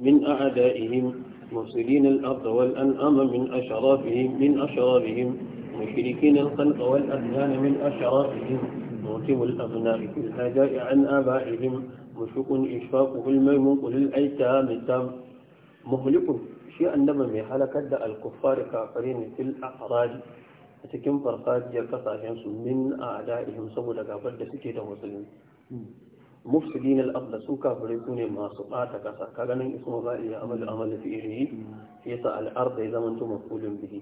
من أعدائهم مفسدين الأرض والأنعام من أشرافهم من أشرافهم مشركين الخلق والأبنان من أشرافهم موتم الأبناء في الهجاء عن آبائهم مشوق إشفاقه الميمون قل الأيتام التام مهلك شيء النبى من حلقة الكفار كافرين في الأعراج أتكم فرقات kasashensu min a da'ihim saboda gabar da suke da mufsidin al-ardh su kafirai su ne masu bata kasa ka ganin ismu za'i ya amalu amalu fi iri yasa al-ardh ya zamanto mafulun bihi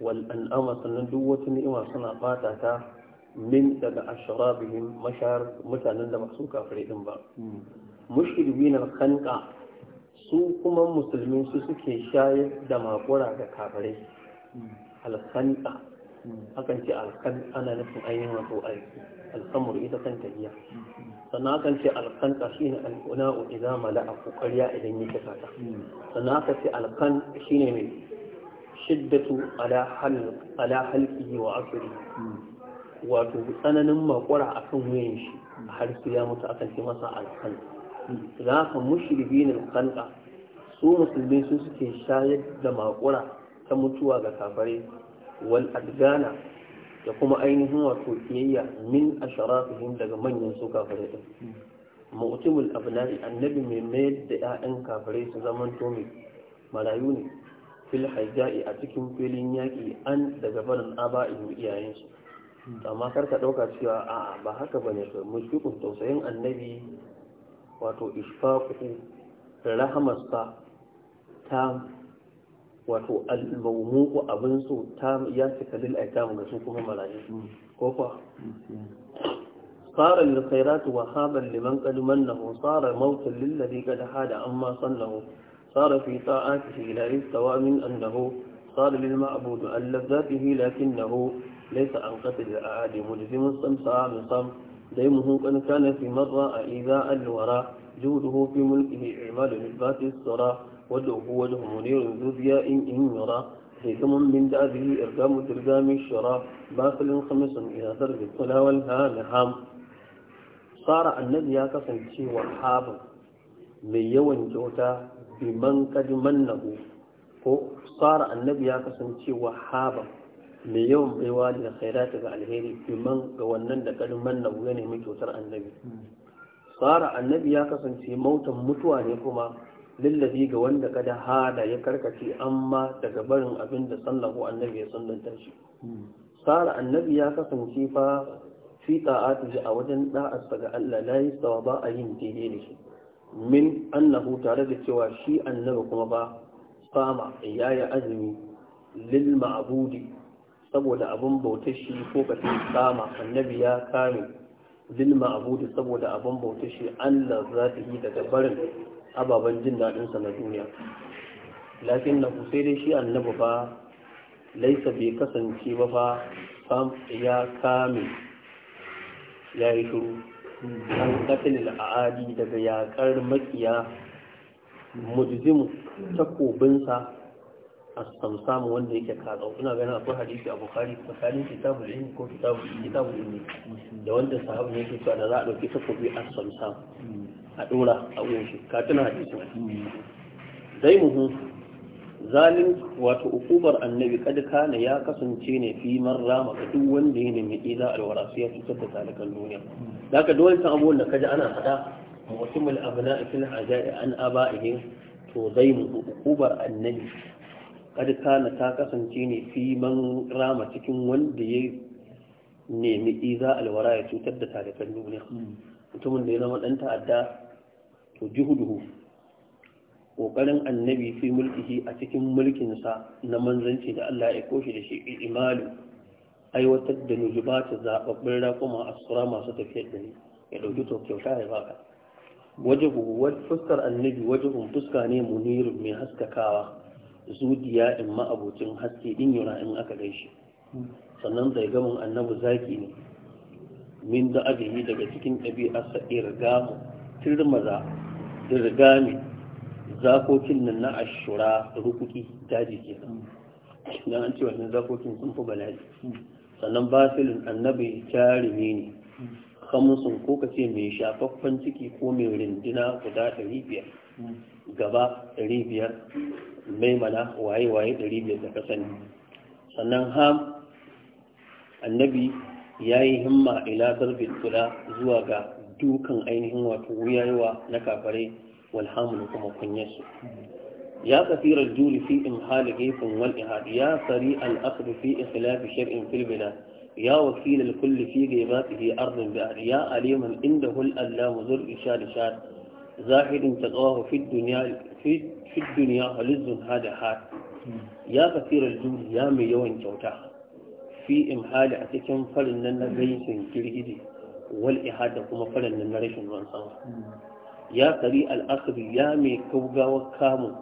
wal an'ama sannan duk wata ni'ima suna bata ta min daga ashrabihim mashar mutanen da ba su din ba mushribin khanqa su kuma musulmi su suke shayar da makura ga al alkanta akan ce alkan ana nufin ainihin wato alkamur ita kan tafiya sannan kan ce alkan shine alquna'u idza mala'a ƙarya idan yake kata sannan aka ce alkan shine mai shiddatu ala halki wa asri wato tsananin makura akan wayan shi har su ya mutu akan ce masa alkan za ka mushribin alqanqa su musulmi su suke shayar da makwara ta mutuwa ga kafare wal adgana da kuma ainihin wato kiyayya min asharafihim daga manyan su kafirai din mu'timul abnai annabi mai mayar da 'ya'yan kafare su zaman tomi marayu ne fil a cikin filin yaki an daga barin aba'in iyayensu amma kar ka ɗauka cewa a'a ba haka ba ne mushfiqun tausayin annabi wato ishfaqu rahamarsa ta wato al-mawmu abin su ta ya ce kalil ay tamu ga su kuma malaji ko fa fara wa haba liman qad mannahu sara mawt lil ladhi qad hada amma sallahu sara fi ta'atihi ila istawa min annahu sara lil ma'bud alladhi lakinnahu laysa an qatil a'adi mulzim samsa min sam dai muhun kan kana fi marra a idha al-wara juduhu fi mulkihi i'malu min ba'd as-sara وله وجه منير ذو ضياء إن يرى حكم من دابه إرقام ترقام الشرى باطل خمس إلى درب الطلا والهالهام صار النبي يكسن شيء وحاب من يوم جوتا بمن قد منه صار النبي يكسن شيء وحاب من يوم بيوال الخيرات على الهيري بمن قوانن قد منه يعني من جوتر النبي صار النبي يكسن شيء موتا متواني كما lillazi ga wanda kada hada ya karkace amma daga barin abin da sallahu annabi ya sallanta shi sara annabi ya kasance fa fi ta'atihi a wajen da'arsa ga Allah la yi ba a yin daidai da shi min annahu tare da cewa shi annabi kuma ba fama yayi azumi lil ma'budi saboda abin bautar shi ko ka sama annabi ya kame lil ma'budi saboda abin bautar shi Allah zatihi daga barin ababen jin daɗinsa na duniya lakin na sai dai shi annabi fa laisa bai kasance ba fa sam ya kame ya yi shiru an katilil a'adi daga yakar makiya mujzimu takobinsa a samsamu wanda yake katsau Kuna ganin akwai hadisi a bukari tsakanin kitabul ilmi ko kitabul ilmi da wanda sahabu ne yake cewa da za a ɗauki takobi a samsamu a dora a wuyan shi ka tuna hadisin dai muhu zalim wato ukubar annabi kad kana ya kasance ne fi rama maka duk wanda ya nemi ila alwara sai ya cutar da talakan duniya daga dole san abubuwan da kaji ana fada mutum al-abna fil haja'i an aba'ihi to dai muhu ukubar annabi kad kana ta kasance ne fi man rama cikin wanda ya nemi iza alwara ya cutar da talakan duniya mutumin da ya zama ɗan ta'adda to juhuduhu ƙoƙarin annabi fi mulkihi a cikin mulkinsa na manzanci da Allah ya koshi da shi imalu aiwatar da ta zaɓaɓɓun raƙuma a tsura masu tafiyar da ne ya ɗauki to kyauta ya baka waje fuskar annabi waje fuska ne munirin mai haskakawa zudiya in ma'abocin haske ɗin yura in aka gaishe sannan zai gamin annabi zaki ne min da abihi daga cikin ɗabi'arsa irgamu tirmaza irgami zakokin nan na ashura rukuki daji ke nan an ce wannan zakokin sun fi bala'i sannan basilin annabi jarumi ne kamusun ko ka ce mai shafaffen ciki ko mai rindina guda ɗari biyar gaba ɗari biyar maimana waye-waye ɗari biyar da ka sani sannan ham annabi ya yi himma ila zarbin tula zuwa ga dukan ainihin wato wuyayewa na kafare walhamun kuma kunyarsu ya kafirar juli fi in hali gefen wal ya sari al'asar fi ikhilafi shar'in filbina ya wakilar kulli fi gaibatihi arzin bi'ar ya aliman inda hul allamu zur isha da sha zahidin taqawahu fi dunya fi dunya halizun hada har?" ya kafirar juli ya mai yawan kyauta fi imhali a cikin farin nan na rashin girgije wal ihada kuma farin nan na rashin ruwan sama ya tsari al'asir ya mai kaugawa kamun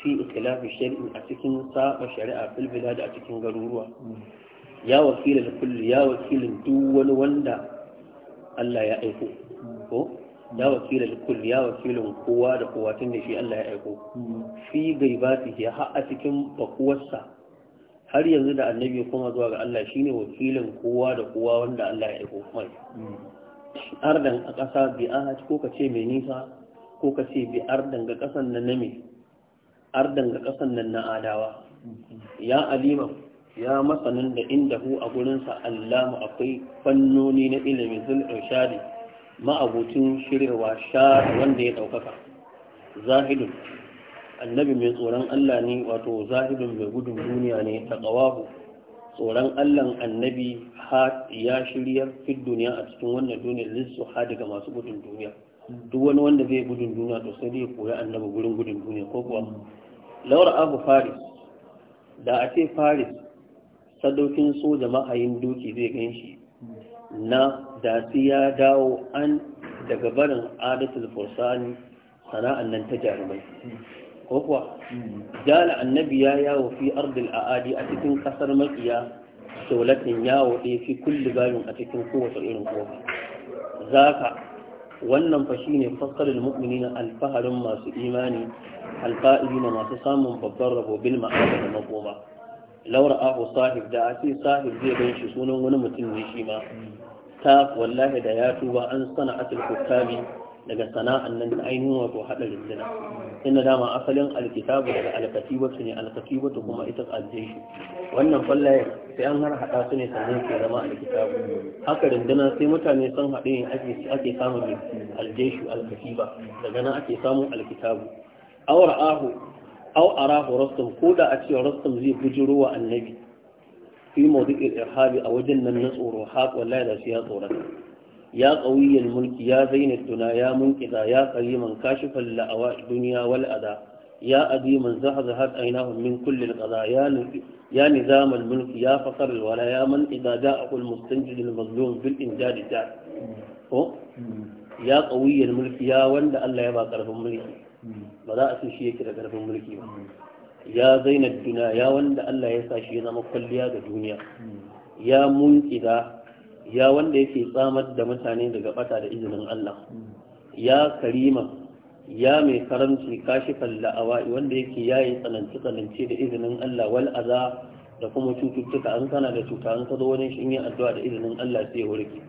fi ikilafi shari'in a cikin saba shari'a filbila da a cikin garuruwa ya wakila da kullu ya wakilin duk wani wanda Allah ya aiko ko ya wakila da kullu ya wakilin kowa da kowa tun da shi Allah ya aiko fi gaibati ya ha'a cikin bakuwarsa har yanzu da annabi kuma zuwa ga Allah shine wakilin kowa da kowa wanda Allah ya aiko mai ardan a ƙasa bi haci ko ka ce mai nisa ko ka ce bi ardan ga ƙasan nan na ardan ga ƙasan nan na adawa ya alima ya masanin da inda hu a gurinsa allama akwai fannoni na ilimin zul irshadi ma'abucin shirwa sha wanda ya ɗaukaka zahidun annabi mai tsoron Allah ne wato zahirin mai gudun duniya ne ta ƙawahu tsoron Allahn annabi ya shirya fit duniya a cikin wannan duniya lissu ha daga masu gudun duniya duk wani wanda zai gudun duniya to sai zai koya annabi gurin gudun duniya ko kuwa laura abu faris da a ce faris sadaukin soja mahayin doki zai gan shi na da ya dawo an daga barin adatul fursani sana'an nan ta jarumai ko kuwa jala annabi ya yawo fi ardil aadi a cikin kasar makiya daulatin yawo ɗaya fi kulli babin a cikin kowace irin kofa zaka wannan fa shine fassalul mu'minina alfaharin masu imani na masu samun babban rabo bil ma'ada da makoma laura ahu sahib da ake sahib zai gan shi sunan wani mutum ne shi ma ta wallahi da ya tuba an sana'atul kuttabi daga sana'an nan ta ainihin wato haɗa rundunar inda dama asalin alkitabu daga alkatibatu ne alkatibatu kuma ita shi wannan fallaye sai an har haɗa su ne sannan ke zama alkitabu haka rundunar sai mutane sun haɗe yin ake samun aljeshi alkatiba daga nan ake samun alkitabu awar ahu aw arahu rastum ko da a cewa rastum zai bujiro wa annabi fi mawdu'il irhabi a wajen nan na tsoro haƙ wallahi da shi ya tsorata ya ƙawiyyar mulki ya zainar tuna ya munkita ya ƙayyiman kashifan la'awa duniya wal ada ya aziman zahazahat ainahum min kullil qada ya ya nizam al mulk ya fasar al wala ya man idza da'a al mustanjid al mazlum bil injad da ko ya ƙawiyyar mulki ya wanda Allah ya ba ƙarfin mulki ba za a so shi yake da ƙarfin mulki ba ya zainar duniya ya wanda Allah ya sa shi ya zama kwalliya ga duniya ya munkita ya wanda yake tsamar da mutane daga bata da izinin Allah ya karima ya mai karamci kashi la'awa wanda yake yayi tsananci tsananci da izinin Allah wal aza da kuma cututtuka an kana da cuta an ka zo wani shin yin addu'a da izinin Allah sai ya warke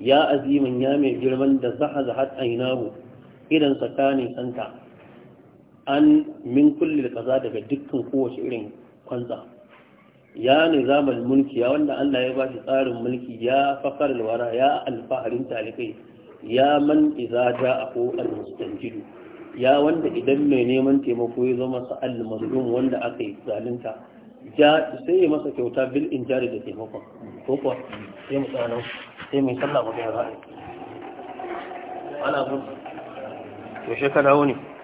ya azimin ya mai girman da zaha zahat ainahu idan tsakanin santa an min kulli da kaza daga dukkan kowace irin kwanza ya nizamar mulki ya wanda Allah ya bashi tsarin mulki ya fakar alwara ya alfaharin talibai ya man iza ja a ko almustanjidu ya wanda idan mai neman taimako ya zama sa almazlum wanda aka yi zalunta ja sai ya masa kyauta bil injari da taimakon ko kuwa sai mu tsano sai mai sallah mu ga ra'ayi ana gudu to shekara wani